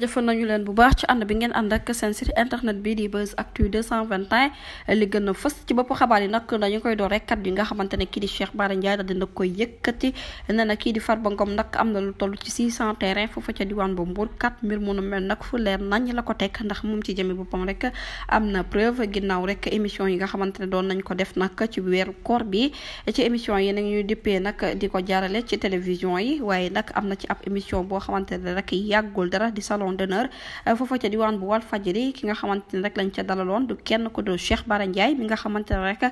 jëfan nañu leen bu baax ci ànd bi ngeen ànd ak seen site internet bi di Buzz Actu 221 li gën a fës ci bopp xabaar yi nag dañu koy door rek kat yi nga xamante ne kii di Cheikh Bara Ndiaye daal dina koy yëkkati nee na kii di Farba Ngom nag am na lu toll ci 600 terrain foofa diwaan bu Mbour kat mbir munu mel nag fu leer nañ la ko teg ndax moom ci jëme boppam rek am na preuve ginnaaw rek émission yi nga xamante ne doon nañ ko def nag ci weeru koor bi ci émission yi nag ñuy dippee nag di ko jaarale ci télévision yi waaye nag na ci ab boo xamante ne rek yàggul salon d'honneur euh, foofa ca diwaan bu wal fajiri ki nga xamante ne rek lañ ca dalaloon du kenn ko do Cheikh Bara Ndiaye mi nga xamante ne rek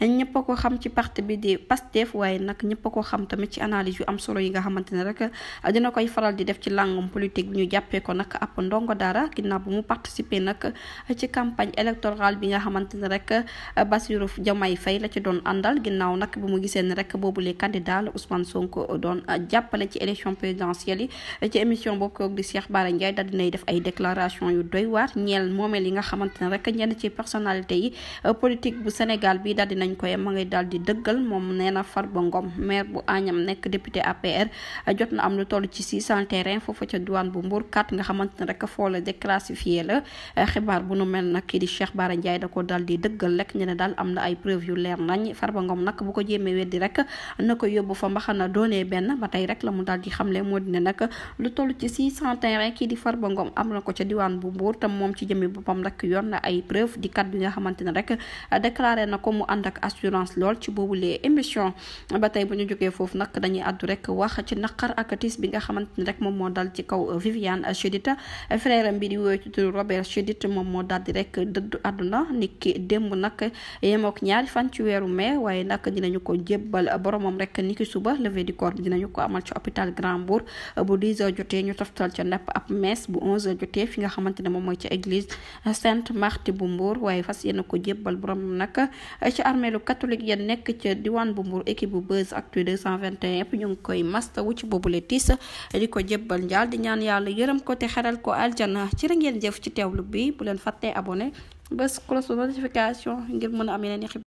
ñëpp a ko xam ci parti bi di Pastef waaye nak ñëpp a ko xam tamit ci analyse yu am solo yi nga xamante ne rek dina koy faral di def ci langum politique bi ñu jàppee ko nag ab ndongo dara ginnaaw bu mu participer nag ci campagne électorale bi nga xamante ne rek Bassirou Diomaye fey la ci doon andal ginnaaw nag bu mu gisee ne rek boobu les candidats la Ousmane Sonko doon jàppale ci élection présidentielle yi da dinay def ay déclaration yu doy waar ñeel moomeel yi nga xamante ne rek ñenn euh, bu Sénégal bi daal dinañ koy ma ngay daal di dëggal moom nee na Farba Ngom maire bu Agnam nekk député APR euh, jot na am lu toll ci 600 terrain foofu ca douane bu Mbour 4 nga xamante ne rek foo la déclassifié la euh, xibaar bu nu mel nag kii di Cheikh Bara Ndiaye da ko daal di dëggal rek ñu ne daal am na ay preuve yu leer nañ Farba ngoom nag bu ko jéemee weddi rek na ko yóbbu fa mbaxana doonee benn ba tey rek la mu daal di xamle moo dina nag lu toll ci 600 terrain kii di Farba Ngom am na ko ca diwaan bu Mbour tam moom ci jëmmi boppam rek yoon na ay preuve di kat bi nga xamante na ko mu ànd assurance lool ci boobulee émission ba tey jógee foofu nag dañuy àddu rek wax ci naqar ak bi nga xamante ne rek moom moo dal ci kaw Viviane Chidid frère bi di woy ci turu Robert Chidid moom moo dal di rek dëddu àdduna nit ki démb fan ci weeru mai waaye nag dinañu ko jébbal boromam rek ni ki suba levée du corps bi dinañu ko amal ci hôpital Grand Bourg bu 10 jotee ñu toftal ca nepp ab mai alxames bu 11h jotee fi nga xamante ne moom mooy ca église Sainte Marthe bu Mbour waaye fas yéene ko jébbal borom nag ci armeelu catholique ya nekk ca diwaan bu Mbour équipe bu Buzz Actu 221 yëpp ñu ngi koy mastawu ci boobule tiis di ko jébbal njaal di ñaan yàlla yërëm ko te xeral ko aljana ci ngeen jëf ci teewlu bi bu leen fàttee abonné bés notification ngir mën a am